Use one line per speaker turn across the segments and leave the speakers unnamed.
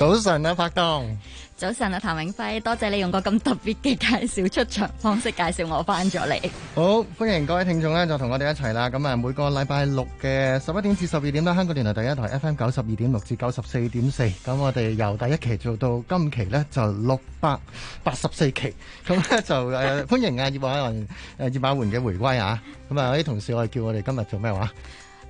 早晨啊，發哥！
早晨啊，譚永輝，多謝你用個咁特別嘅介紹出場方式介紹我翻咗嚟。
好，歡迎各位聽眾咧，就同我哋一齊啦。咁啊，每個禮拜六嘅十一點至十二點啦，香港電台第一台 FM 九十二點六至九十四點四。咁我哋由第一期做到今期咧，就六百八十四期。咁咧就誒，歡迎阿葉寶環、誒葉寶環嘅回歸啊。咁啊，有啲同事我係叫我哋今日做咩話？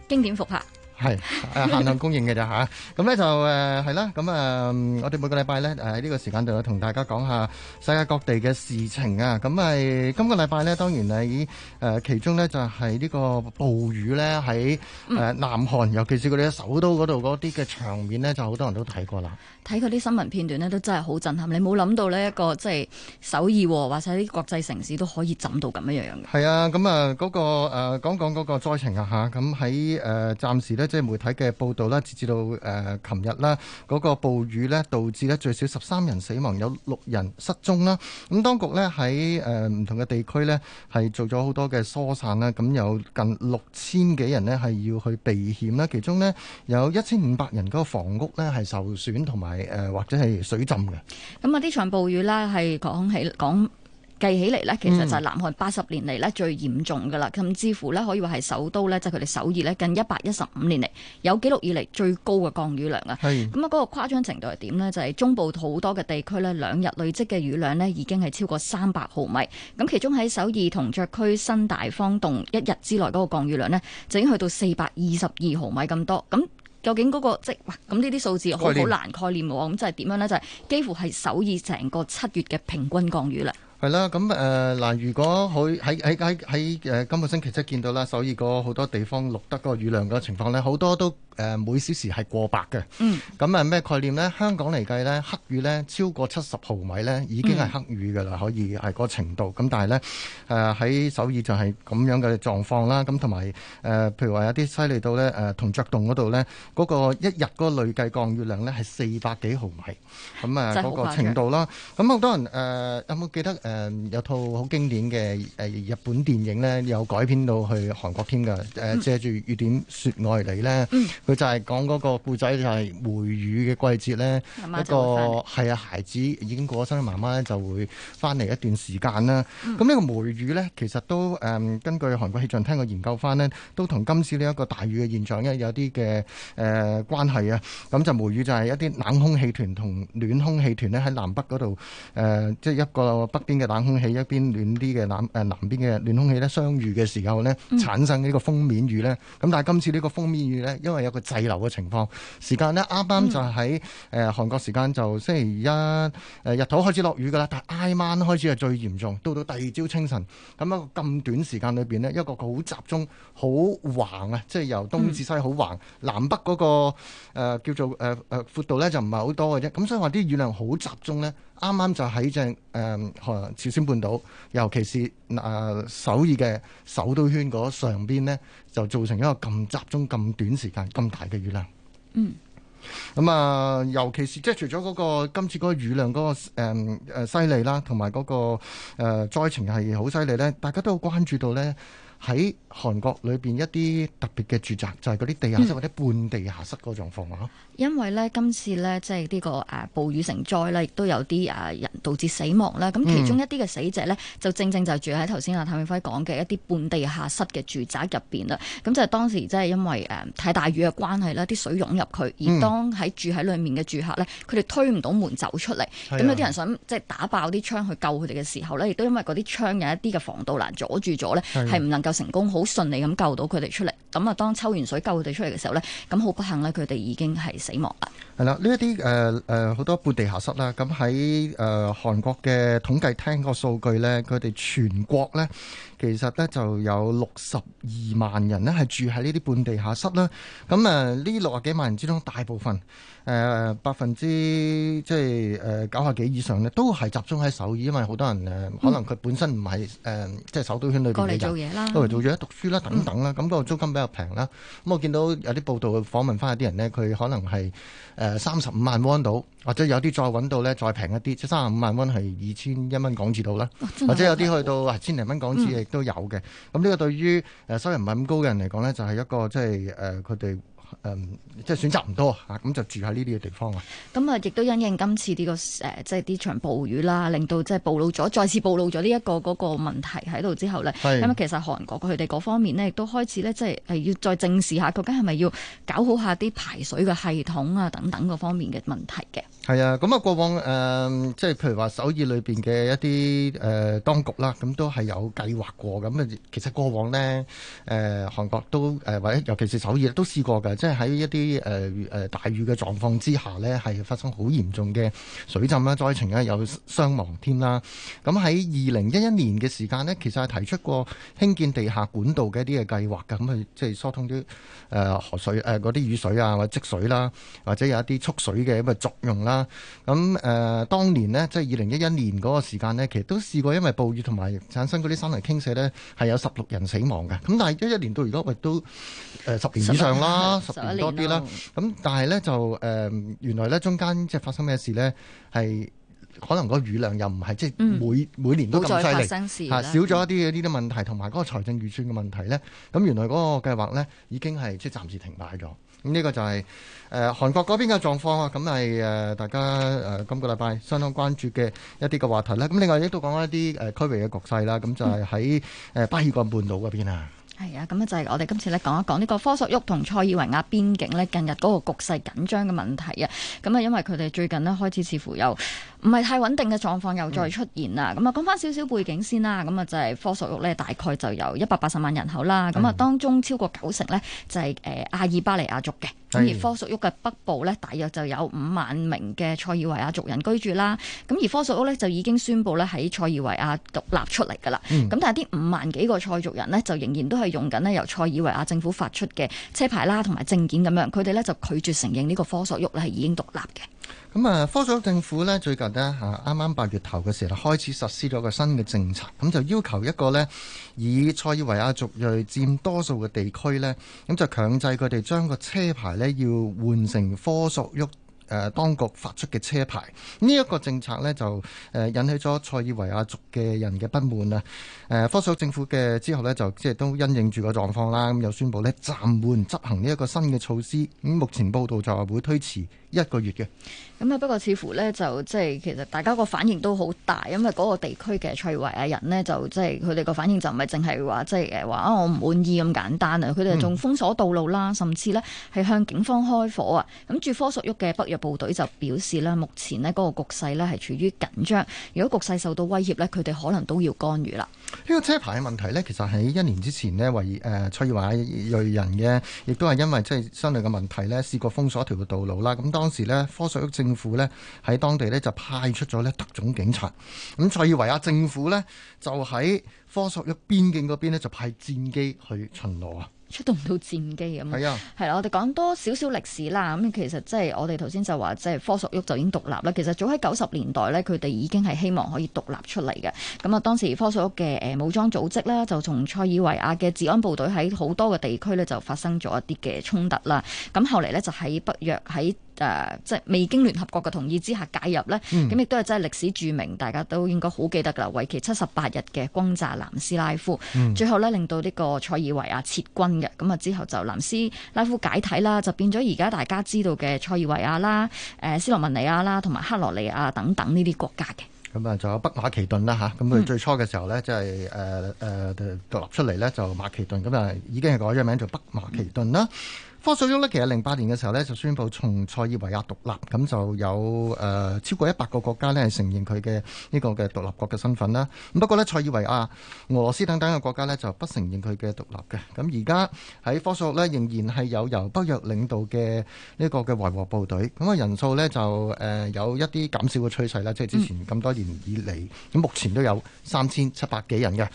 經典復刻。
係 誒限量供應嘅咋吓，咁 咧、啊、就誒係啦，咁啊，啊我哋每個禮拜咧誒喺呢、啊呢個時間就有同大家講下世界各地嘅事情啊，咁、啊、係今個禮拜呢當然喺誒、啊、其中呢就係呢個暴雨咧喺誒南韓尤其是佢哋首都嗰度嗰啲嘅場面呢就好多人都睇過啦。
睇嗰啲新聞片段呢都真係好震撼。你冇諗到呢一個即係首爾或者啲國際城市都可以浸到咁樣樣嘅。
係啊，咁、嗰個、啊嗰個誒講講嗰個災情啊吓，咁喺誒暫時咧。即係媒體嘅報道啦，截至到誒琴日啦，嗰、嗰個暴雨呢，導致呢最少十三人死亡，有六人失蹤啦。咁當局呢，喺誒唔同嘅地區呢，係做咗好多嘅疏散啦，咁有近六千幾人呢，係要去避險啦。其中呢，有一千五百人嗰個房屋呢，係受損同埋誒或者係水浸嘅。
咁啊，呢場暴雨咧係講起講。計起嚟呢，其實就係南韓八十年嚟呢最嚴重噶啦、嗯，甚至乎呢，可以話係首都呢，即係佢哋首爾呢。近一百一十五年嚟有記錄以嚟最高嘅降雨量啊。咁啊，嗰個誇張程度係點呢？就係、是、中部好多嘅地區呢，兩日累積嘅雨量呢已經係超過三百毫米。咁其中喺首爾同雀區新大方洞一日之內嗰個降雨量呢，就已經去到四百二十二毫米咁多。咁究竟嗰、嗰個即係咁呢啲數字好難概念喎？咁就係點樣呢？就係、是、幾乎係首爾成個七月嘅平均降雨量。
係啦，咁誒嗱，如果佢喺喺喺喺誒今個星期即見到啦，首爾個好多地方錄得嗰個雨量個情況咧，好多都。誒每小時係過百嘅，咁啊咩概念咧？香港嚟計咧，黑雨咧超過七十毫米咧，已經係黑雨㗎啦，可以係嗰個程度。咁但係咧，誒喺首爾就係咁樣嘅狀況啦。咁同埋誒，譬如話有啲犀利到咧，誒銅雀洞嗰度咧，嗰個一日嗰個累計降雨量咧係四百幾毫米，咁啊嗰個程度啦。咁好多人誒有冇記得誒有套好經典嘅誒日本電影咧，有改編到去韓國添㗎？誒借住雨點説愛你咧。佢就係講嗰個故仔就係梅雨嘅季節呢媽媽一個係啊孩子已經過咗身，媽媽就會翻嚟一段時間啦。咁、嗯、呢個梅雨呢，其實都、嗯、根據韓國氣象廳個研究翻呢都同今次呢一個大雨嘅現象呢有啲嘅誒關係啊。咁就梅雨就係一啲冷空氣團同暖空氣團呢喺南北嗰度，即係一個北邊嘅冷空氣，一邊暖啲嘅南邊嘅暖空氣呢相遇嘅時候呢，產生呢個鋒面雨呢。咁、嗯、但係今次呢個鋒面雨呢，因為有一個滯留嘅情況，時間呢，啱啱就喺誒、呃、韓國時間就星期一誒、呃、日頭開始落雨噶啦，但係挨晚開始係最嚴重，到到第二朝清晨，咁一個咁短時間裏邊呢，一個好集中、好橫啊，即係由東至西好橫，南北嗰、那個誒、呃、叫做誒誒、呃、闊度呢，就唔係好多嘅啫，咁所以話啲雨量好集中呢。啱啱就喺正誒韓朝鮮半島，尤其是嗱、呃、首爾嘅首都圈嗰上邊咧，就造成一個咁集中、咁短時間、咁大嘅雨量。嗯，咁、嗯、啊，尤其是即係除咗嗰、嗰個今次嗰個雨量嗰、嗰個誒犀利啦，同埋嗰個誒災、呃、情係好犀利咧，大家都好關注到咧。喺韓國裏邊一啲特別嘅住宅，就係嗰啲地下室、嗯、或者半地下室嗰個狀況。
因為咧，今次咧，即係呢個誒暴雨成災咧，亦都有啲誒人導致死亡咧。咁、嗯、其中一啲嘅死者咧，就正正就住喺頭先阿譚永輝講嘅一啲半地下室嘅住宅入邊啦。咁就係當時即係因為誒太、呃、大雨嘅關係啦，啲水湧入去。而當喺住喺裏面嘅住客咧，佢哋推唔到門走出嚟。咁有啲人想即係、就是、打爆啲窗去救佢哋嘅時候咧，亦都因為嗰啲窗有一啲嘅防盜欄阻住咗咧，係、嗯、唔能夠。成功好順利咁救到佢哋出嚟。咁啊，當抽完水救佢哋出嚟嘅時候咧，咁好不幸咧，佢哋已經係死亡啦。
係啦，呢一啲誒誒好多半地下室啦，咁喺誒韓國嘅統計廳個數據咧，佢哋全國咧其實咧就有六十二萬人咧係住喺呢啲半地下室啦。咁啊，呢六十幾萬人之中，大部分。誒、呃、百分之即係誒九十幾以上咧，都係集中喺首爾，因為好多人誒、呃嗯，可能佢本身唔係誒，即係首都圈裏邊嘅人，都嚟做嘢啦，都嚟做嘢啦、嗯，讀書啦等等啦，咁、嗯個租金比較平啦。咁我見到有啲報道訪問翻有啲人呢，佢可能係誒三十五萬蚊到，或者有啲再揾到呢再平一啲，即三十五萬蚊係二千一蚊港紙到啦，或者有啲去到千零蚊港紙亦、嗯、都有嘅。咁、嗯、呢、嗯這個對於誒、呃、收入唔係咁高嘅人嚟講呢，就係、是、一個即係誒佢哋。呃他們誒、嗯，即係選擇唔多啊，咁就住喺呢啲嘅地方啊。
咁、嗯、啊，亦都因應今次呢、這個誒、呃，即係呢場暴雨啦，令到即係暴露咗，再次暴露咗呢一個嗰、那個問題喺度之後咧。係。咁、嗯、其實韓國佢哋嗰方面呢，亦都開始咧，即係誒要再正視下究竟係咪要搞好下啲排水嘅系統啊，等等嗰方面嘅問題嘅。
係啊，咁啊，過往誒、呃，即係譬如話首爾裏邊嘅一啲誒、呃、當局啦，咁都係有計劃過。咁啊，其實過往呢，誒、呃、韓國都誒，或、呃、者尤其是首爾都試過㗎。即係喺一啲誒誒大雨嘅狀況之下呢，係發生好嚴重嘅水浸啦、災情啦、有傷亡添啦。咁喺二零一一年嘅時間呢，其實係提出過興建地下管道嘅一啲嘅計劃嘅，咁、嗯、去即係疏通啲誒、呃、河水誒嗰啲雨水啊或者積水啦、啊，或者有一啲蓄水嘅咁嘅作用啦、啊。咁誒、呃、當年呢，即係二零一一年嗰個時間呢，其實都試過，因為暴雨同埋產生嗰啲山泥傾瀉呢，係有十六人死亡嘅。咁但係一一年到而家喂都誒十年以上啦。多啲啦，咁但係咧就誒原來咧中間即係發生咩事咧？係可能個雨量又唔係即係每每年都咁犀利，少咗一啲呢啲問題，同埋嗰個財政預算嘅問題咧。咁原來嗰個計劃咧已經係即係暫時停擺咗。咁、這、呢個就係誒韓國嗰邊嘅狀況啊。咁係誒大家誒今個禮拜相當關注嘅一啲嘅話題啦。咁另外亦都講一啲誒區域嘅局勢啦。咁就係喺誒巴爾干半島嗰邊啊。嗯
係啊，咁啊就係我哋今次咧講一講呢個科索沃同塞爾維亞邊境咧近日嗰個局勢緊張嘅問題啊，咁啊因為佢哋最近咧開始似乎有唔係太穩定嘅狀況又再出現啦，咁啊講翻少少背景先啦，咁啊就係、是、科索沃咧大概就有一百八十萬人口啦，咁、嗯、啊當中超過九成咧就係誒阿爾巴尼亞族嘅，咁而科索沃嘅北部咧大約就有五萬名嘅塞爾維亞族人居住啦，咁而科索沃咧就已經宣布咧喺塞爾維亞獨立出嚟噶啦，咁、嗯、但係啲五萬幾個塞族人呢，就仍然都係用緊咧由塞爾維亞政府發出嘅車牌啦同埋證件咁樣，佢哋咧就拒絕承認呢個科索沃咧係已經獨立嘅。
咁啊，科索沃政府咧最近呢，啊啱啱八月頭嘅時候開始實施咗個新嘅政策，咁就要求一個呢以塞爾維亞族裔占多數嘅地區呢，咁就強制佢哋將個車牌呢要換成科索沃。誒當局發出嘅車牌，呢、這、一個政策呢，就誒引起咗塞爾維亞族嘅人嘅不滿啊！誒科索政府嘅之後呢，就即係都因應住個狀況啦，咁又宣布呢暫緩執行呢一個新嘅措施。咁目前報道就話會推遲一個月嘅。
咁啊不過似乎呢，就即係其實大家個反應都好大，因為嗰個地區嘅塞爾維亞人呢，就即係佢哋個反應就唔係淨係話即係誒話啊我唔滿意咁簡單啊，佢哋仲封鎖道路啦、嗯，甚至呢係向警方開火啊！咁住科索沃嘅北約。部隊就表示咧，目前呢嗰個局勢咧係處於緊張。如果局勢受到威脅呢，佢哋可能都要干預啦。呢、
這個車牌嘅問題呢，其實喺一年之前咧，維誒塞爾維亞人嘅，亦都係因為即係相銳嘅問題呢，試過封鎖一條道路啦。咁當時呢，科索沃政府呢喺當地呢就派出咗呢特種警察。咁塞爾維亞政府呢，就喺科索沃邊境嗰邊咧就派戰機去巡邏啊。
出動唔到戰機咁，係啊，係啦，我哋講多少少歷史啦。咁其實即係我哋頭先就話，即係科索沃就已經獨立啦。其實早喺九十年代咧，佢哋已經係希望可以獨立出嚟嘅。咁啊，當時科索沃嘅誒武裝組織啦，就從塞爾維亞嘅治安部隊喺好多嘅地區咧，就發生咗一啲嘅衝突啦。咁後嚟咧，就喺北約喺。誒、呃，即係未經聯合國嘅同意之下介入呢，咁、嗯、亦都係真係歷史著名，大家都應該好記得㗎啦，為期七十八日嘅轟炸南斯拉夫，嗯、最後呢令到呢個塞爾維亞撤軍嘅，咁啊之後就南斯拉夫解體啦，就變咗而家大家知道嘅塞爾維亞啦、誒斯洛文尼亞啦、同埋克羅地亞等等呢啲國家嘅。
咁啊，仲有北馬其頓啦吓，咁、啊、佢最初嘅時候呢，即係誒誒獨立出嚟呢，就馬其頓，咁啊已經係改咗名叫北馬其頓啦。嗯嗯科索沃咧，其實零八年嘅時候咧就宣布從塞爾維亞獨立，咁就有誒、呃、超過一百個國家咧係承認佢嘅呢個嘅獨立國嘅身份啦。咁不過咧，塞爾維亞、俄羅斯等等嘅國家咧就不承認佢嘅獨立嘅。咁而家喺科索沃咧仍然係有由北約領導嘅呢個嘅維和部隊，咁啊人數咧就誒、呃、有一啲減少嘅趨勢啦，即、就、係、是、之前咁多年以嚟，咁、嗯、目前都有三千七百幾人嘅。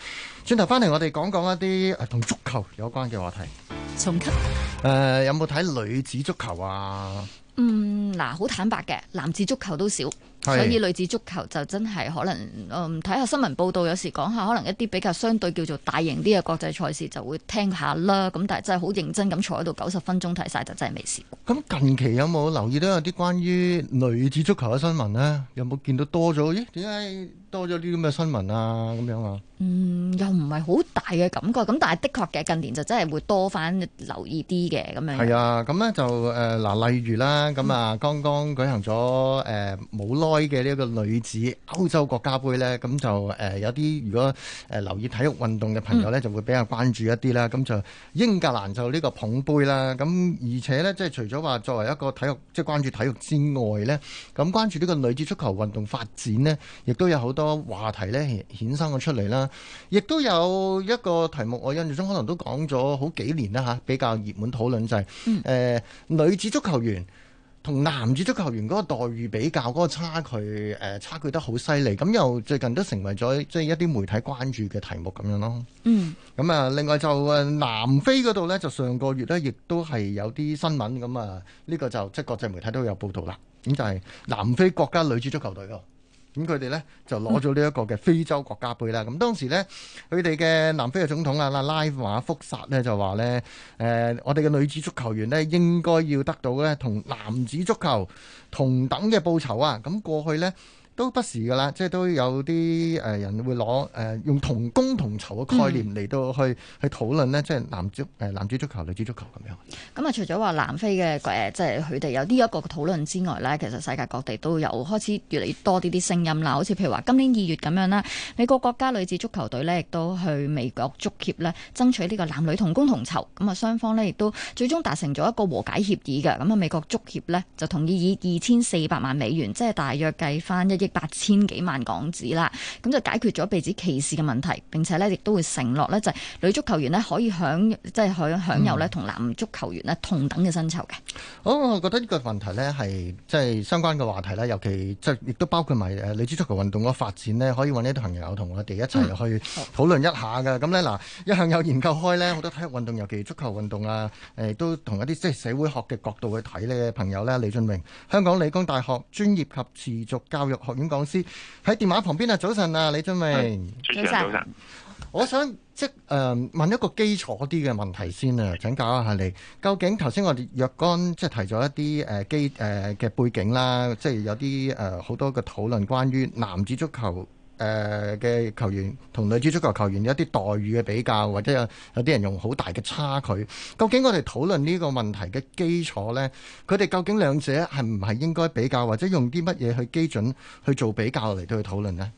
轉頭翻嚟，我哋講講一啲同足球有關嘅話題。
重
呃、有冇睇女子足球啊？
嗯，嗱，好坦白嘅，男子足球都少，所以女子足球就真係可能，嗯、呃，睇下新聞報道，有時講下，可能一啲比較相對叫做大型啲嘅國際賽事就會聽一下啦。咁但係真係好認真咁坐喺度九十分鐘睇晒，就真係未試過。
咁近期有冇留意到有啲關於女子足球嘅新聞呢？有冇見到多咗？咦，點解？多咗啲咁嘅新聞啊，咁樣啊，嗯，
又唔係好大嘅感覺，咁但係的確嘅近年就真係會多翻留意啲嘅咁樣。係啊，
咁咧就嗱、呃，例如啦，咁、呃、啊、嗯，剛剛舉行咗冇耐嘅呢一個女子歐洲國家杯咧，咁就、呃、有啲如果留意體育運動嘅朋友咧，就會比較關注一啲啦。咁、嗯、就英格蘭就呢個捧杯啦，咁而且咧即係除咗話作為一個體育即係、即係、關注體育之外咧，咁關注呢個女子足球運動發展呢，亦都有好多，嗰個話題咧衍生咗出嚟啦，亦都有一個題目，我印象中可能都講咗好幾年啦吓，比較熱門討論就係、是、誒、嗯呃、女子足球員同男子足球員嗰個待遇比較嗰、那個差距誒、呃、差距得好犀利，咁又最近都成為咗即係一啲媒體關注嘅題目咁樣咯。嗯，咁啊，另外就誒南非嗰度咧，就上個月咧亦都係有啲新聞咁啊，呢、這個就即係、就是、國際媒體都有報道啦。咁就係、是、南非國家女子足球隊咯。咁佢哋咧就攞咗呢一個嘅非洲國家盃啦。咁、嗯、當時咧，佢哋嘅南非嘅總統啊， 拉馬福薩咧就話咧，誒、呃，我哋嘅女子足球員呢，應該要得到咧同男子足球同等嘅報酬啊！咁過去咧，都不時噶啦，即係都有啲誒人會攞誒、呃、用同工同酬嘅概念嚟到去、嗯、去討論咧，即係男足誒男子足球、女子足球咁樣
咁啊，嗯、除咗話南非嘅誒即係佢哋有呢一個討論之外咧，其實世界各地都有開始越嚟越多啲啲聲音啦。好似譬如話今年二月咁樣啦，美國國家女子足球隊咧亦都去美國足協咧爭取呢個男女同工同酬，咁啊雙方咧亦都最終達成咗一個和解協議嘅。咁啊美國足協咧就同意以二千四百萬美元，即係大約計翻一億。八千幾萬港紙啦，咁就解決咗被指歧視嘅問題，並且呢亦都會承諾呢就係女足球員呢可以享即係享享有咧同男足球員咧同等嘅薪酬嘅、
嗯嗯。好，我覺得呢個問題呢係即係相關嘅話題咧，尤其即係亦都包括埋誒女子足球運動嘅發展呢，可以揾呢啲朋友同我哋一齊去討論一下噶。咁、嗯、呢嗱，一向有研究開呢好多體育運動，尤其足球運動啊，誒、呃、都同一啲即係社會學嘅角度去睇呢嘅朋友呢，李峻嶸，香港理工大學專業及持續教育學院。演講師喺電話旁邊啊！早晨啊，李峻嶸，早晨，
早晨。
我想即係誒、呃、問一個基礎啲嘅問題先啊！請教一下你，究竟頭先我哋若干，即係提咗一啲誒基誒嘅背景啦，即係有啲誒好多嘅討論關於男子足球，誒、呃、嘅球員同女子足球球員有一啲待遇嘅比較，或者有有啲人用好大嘅差距，究竟我哋討論呢個問題嘅基礎呢？佢哋究竟兩者係唔係應該比較，或者用啲乜嘢去基準去做比較嚟對佢討論呢？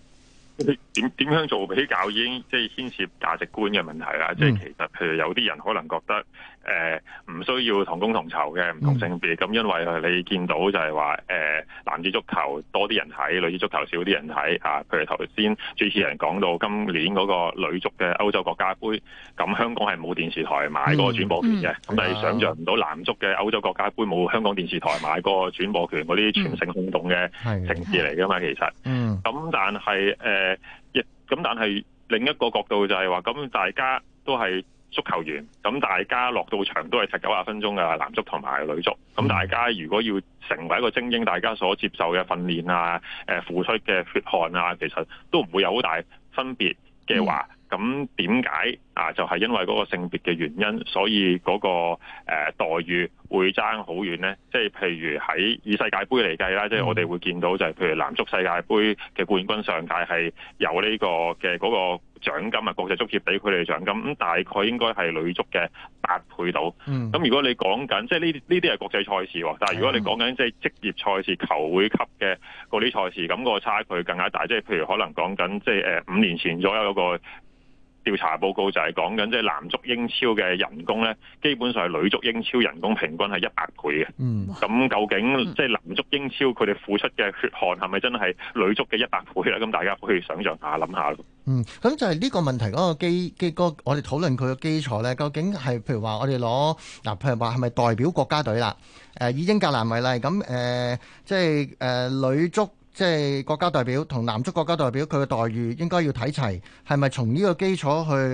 你點點樣做比較已經即係牽涉價值觀嘅問題啦、嗯！即係其實譬如有啲人可能覺得。誒、呃、唔需要同工同酬嘅唔同性別，咁、嗯、因為你見到就係話誒男子足球多啲人睇，女子足球少啲人睇啊。譬如頭先主持人講到今年嗰個女足嘅歐洲國家杯，咁香港係冇電視台買個轉播權嘅，咁、嗯、你、嗯、想象唔到男足嘅歐洲國家杯冇香港電視台買個轉播權嗰啲全城轟動嘅城市嚟㗎嘛，其實，咁、嗯、但係誒亦，咁、呃、但係另一個角度就係話，咁大家都係。足球員咁大家落到場都係踢九十分鐘嘅男足同埋女足，咁大家如果要成為一個精英，大家所接受嘅訓練啊、啊付出嘅血汗啊，其實都唔會有好大分別嘅話，咁點解啊？就係、是、因為嗰個性別嘅原因，所以嗰個待遇會爭好遠呢。即係、就是、譬如喺以世界盃嚟計啦，即、就、係、是、我哋會見到就係譬如男足世界盃嘅冠軍上屆係有呢個嘅嗰、那個。獎金啊，國際足協俾佢哋獎金，咁、嗯、大概應該係女足嘅八倍到。咁、嗯、如果你講緊即係呢呢啲係國際賽事喎，但係如果你講緊即係職業賽事、球會級嘅嗰啲賽事，咁個差距更加大。即係譬如可能講緊即係誒五年前左右有個。調查報告就係講緊即係男足英超嘅人工咧，基本上係女足英超人工平均係一百倍嘅。嗯，咁究竟即係男足英超佢哋付出嘅血汗係咪真係女足嘅一百倍咧？咁大家可以想像下，諗下。嗯，
咁就係呢個問題嗰個基，基哥，我哋討論佢嘅基礎咧，究竟係譬如話我哋攞嗱，譬如話係咪代表國家隊啦？誒、呃，以英格蘭為例，咁、呃、誒，即係誒、呃、女足。即係國家代表同男足國家代表，佢嘅待遇應該要睇齊，係咪從呢個基礎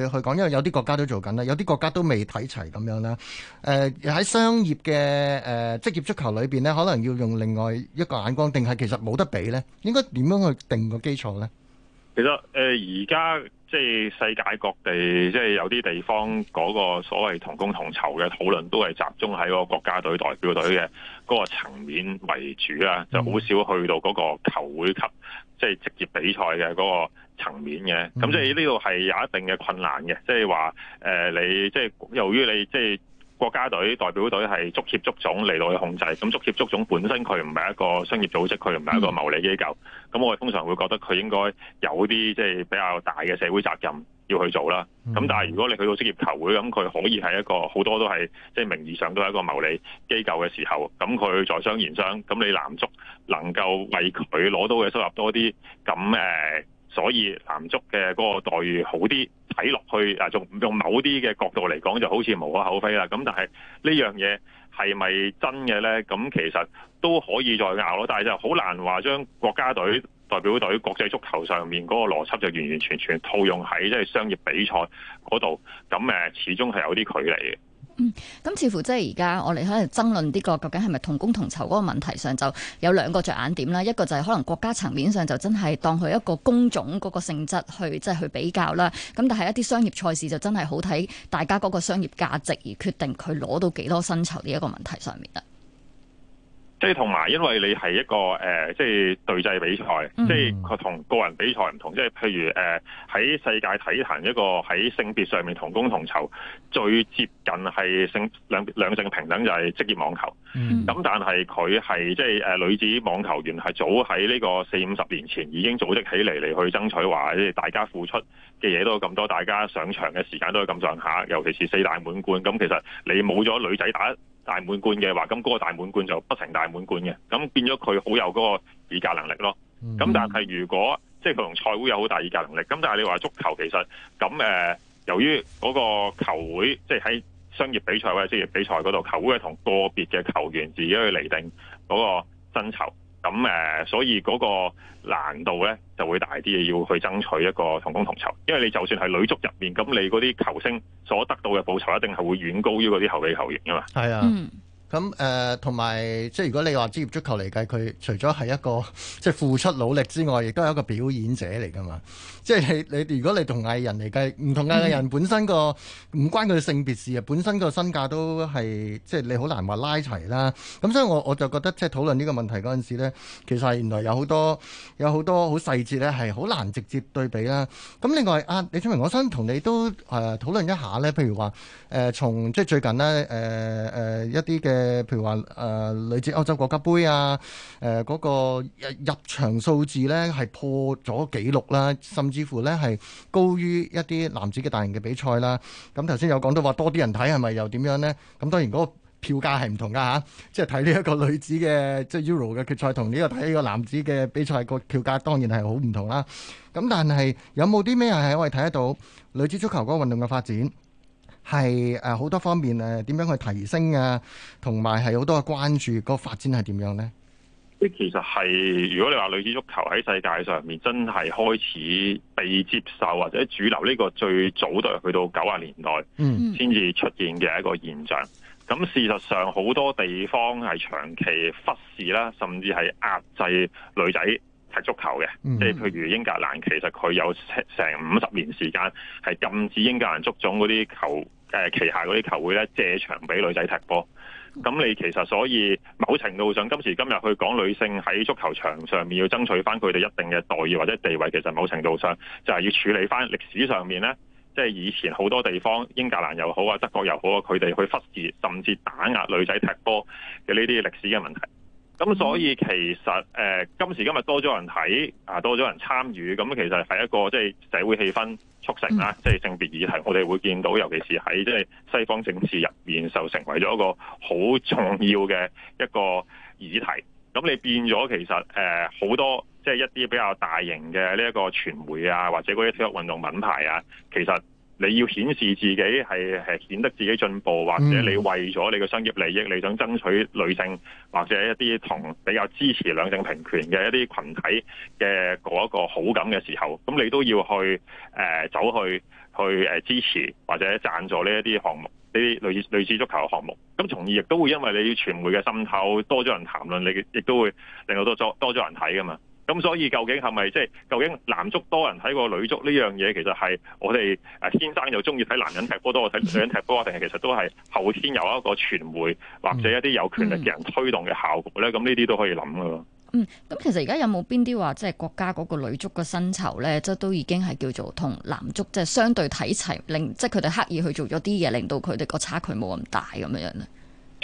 去去講？因為有啲國家都做緊啦，有啲國家都未睇齊咁樣啦。喺、呃、商業嘅誒、呃、職業足球裏面，可能要用另外一個眼光，定係其實冇得比呢？應該點樣去定個基礎呢？
其實誒，而家即係世界各地，即係有啲地方嗰個所謂同工同酬嘅討論，都係集中喺個國家隊、代表隊嘅嗰個層面為主啦，啊，就好少去到嗰個球會級，即係職業比賽嘅嗰個層面嘅。咁即係呢度係有一定嘅困難嘅，即係話誒，你即係由於你即係。國家隊、代表隊係足協、足總嚟到去控制，咁足協、足總本身佢唔係一個商業組織，佢唔係一個牟利機構，咁、嗯、我哋通常會覺得佢應該有啲即係比較大嘅社會責任要去做啦。咁、嗯、但係如果你去到職業球會，咁佢可以係一個好多都係即係名義上都係一個牟利機構嘅時候，咁佢在商言商，咁你男足能夠為佢攞到嘅收入多啲，咁誒，所以男足嘅嗰個待遇好啲。睇落去啊，用用某啲嘅角度嚟講，就好似無可厚非啦。咁但係呢樣嘢係咪真嘅咧？咁其實都可以再拗咯。但係就好難話，將國家隊、代表隊、國際足球上面嗰個邏輯，就完完全全套用喺即係商業比賽嗰度。咁誒始終係有啲距離嘅。
嗯，咁似乎即係而家我哋可能爭論呢個究竟係咪同工同酬嗰個問題上，就有兩個着眼點啦。一個就係可能國家層面上就真係當佢一個工種嗰個性質去即係去比較啦。咁但係一啲商業賽事就真係好睇大家嗰個商業價值而決定佢攞到幾多薪酬呢一個問題上面啦。
即係同埋，因為你係一個誒，即、呃、係、就是、隊制比賽，即係佢同個人比賽唔同。即、mm. 係譬如誒，喺、呃、世界體壇一個喺性別上面同工同酬最接近係性兩,兩性平等就係職業網球。咁、mm. 但係佢係即係女子網球員係早喺呢個四五十年前已經組織起嚟嚟去爭取話，即係大家付出嘅嘢都咁多，大家上場嘅時間都咁上下，尤其是四大滿貫。咁其實你冇咗女仔打。大滿貫嘅話，咁、那、嗰個大滿貫就不成大滿貫嘅，咁變咗佢好有嗰個議價能力咯。咁但係如果即係佢同賽會有好大議價能力，咁但係你話足球其實咁誒，由於嗰個球會即係喺商業比賽或者職業比賽嗰度，球會係同個別嘅球員自己去嚟定嗰個薪酬。咁誒，所以嗰個難度咧就會大啲，要去爭取一個同工同酬。因為你就算係女足入面，咁你嗰啲球星所得到嘅報酬一定係會遠高於嗰啲後備球員㗎嘛。
係啊。嗯咁誒同埋即係如果你話職業足球嚟計，佢除咗係一個即係付出努力之外，亦都係一個表演者嚟噶嘛。即係你你，如果你同藝人嚟計，唔同藝人本身個唔、嗯、關佢性別事啊，本身個身價都係即係你好難話拉齊啦。咁所以我我就覺得即係討論呢個問題嗰陣時咧，其實係原來有好多有好多好細節咧，係好難直接對比啦。咁另外啊，李峻嶸我想同你都誒討論一下咧，譬如話誒從即係最近咧誒誒一啲嘅。誒，譬如話誒女子歐洲國家盃啊，誒、呃、嗰、嗰個入場數字咧，係破咗紀錄啦，甚至乎咧係高於一啲男子嘅大型嘅比賽啦。咁頭先有講到話多啲人睇係咪又點樣呢？咁、嗯、當然嗰個票價係唔同噶吓、啊，即係睇呢一個女子嘅即係 Euro 嘅決賽，同呢個睇呢個男子嘅比賽個票價當然係好唔同啦。咁、嗯、但係有冇啲咩係我哋睇得到女子足球嗰個運動嘅發展？係誒，好多方面誒，點樣去提升啊？同埋係好多嘅關注，個發展係點樣呢？
即其實係，如果你話女子足球喺世界上面真係開始被接受，或者主流呢個最早都係去到九啊年代，嗯，先至出現嘅一個現象。咁事實上好多地方係長期忽視啦，甚至係壓制女仔。踢足球嘅，即係譬如英格蘭，其實佢有成五十年時間係禁止英格蘭足總嗰啲球誒、呃、旗下嗰啲球會咧借場俾女仔踢波。咁你其實，所以某程度上，今時今日去講女性喺足球場上面要爭取翻佢哋一定嘅待遇或者地位，其實某程度上就係要處理翻歷史上面咧，即係以前好多地方英格蘭又好啊、德國又好啊，佢哋去忽視甚至打壓女仔踢波嘅呢啲歷史嘅問題。咁所以其實誒、呃、今時今日多咗人睇啊，多咗人參與，咁其實係一個即係、就是、社會氣氛促成啦，即、就、係、是、性別議題，我哋會見到，尤其是喺即係西方政治入面，就成為咗一個好重要嘅一個議題，咁你變咗其實誒好、呃、多即係、就是、一啲比較大型嘅呢一個傳媒啊，或者嗰啲體育運動品牌啊，其實。你要顯示自己係係顯得自己進步，或者你為咗你嘅商業利益，你想爭取女性或者一啲同比較支持兩性平權嘅一啲群體嘅嗰一個好感嘅時候，咁你都要去誒、呃、走去去支持或者贊助呢一啲項目，呢啲類似類似足球嘅項目。咁從而亦都會因為你傳媒嘅滲透，多咗人談論，你亦都會令到多咗多咗人睇噶嘛。咁所以究竟係咪即係究竟男足多人睇過女足呢樣嘢？其實係我哋誒先生又中意睇男人踢波多過睇女人踢波啊？定係其實都係後天有一個傳媒或者一啲有權力嘅人推動嘅效果咧？咁呢啲都可以諗噶咯。嗯，
咁其實而家有冇邊啲話即係國家嗰個女足嘅薪酬咧，即都已經係叫做同男足即係相對睇齊，令即係佢哋刻意去做咗啲嘢，令到佢哋個差距冇咁大咁樣咧？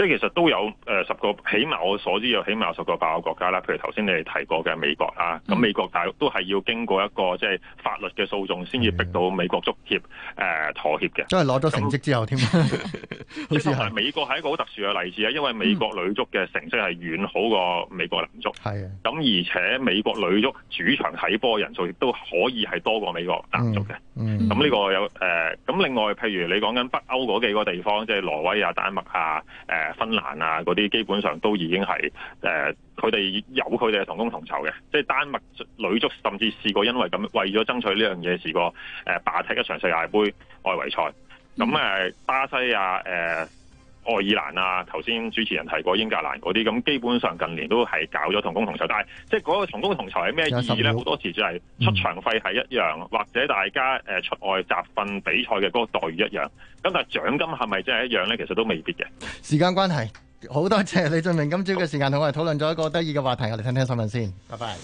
即係其實都有誒、呃、十個，起碼我所知起碼有起碼十個八個國家啦。譬如頭先你哋提過嘅美國啊，咁美國大陸都係要經過一個即係、就是、法律嘅訴訟，先至逼到美國足協誒妥協嘅。即係攞咗成績
之後添。咁
同 美國係一個好特殊嘅例子啊，因為美國女足嘅成績係遠好過美國男足。係、嗯。咁而且美國女足主場睇波人數亦都可以係多過美國男足嘅。咁、嗯、呢、嗯、個有誒，咁、呃、另外譬如你講緊北歐嗰幾個地方，即係挪威啊、丹麥啊、誒。芬蘭啊，嗰啲基本上都已經係誒，佢、呃、哋有佢哋嘅同工同酬嘅，即係丹麥女足甚至試過因為咁為咗爭取呢樣嘢，試過誒罷踢一場世界盃外圍賽，咁誒、呃、巴西啊誒。呃愛爾蘭啊，頭先主持人提過英格蘭嗰啲，咁基本上近年都係搞咗同工同酬，但係即係嗰個同工同酬係咩意義咧？好多時就係出場費係一樣，嗯、或者大家誒出外集訓比賽嘅嗰個待遇一樣，咁但係獎金係咪真係一樣咧？其實都未必嘅。
時間關係，好多謝李峻嶸今朝嘅時間同我哋討論咗一個得意嘅話題，我哋聽聽新聞先。拜拜。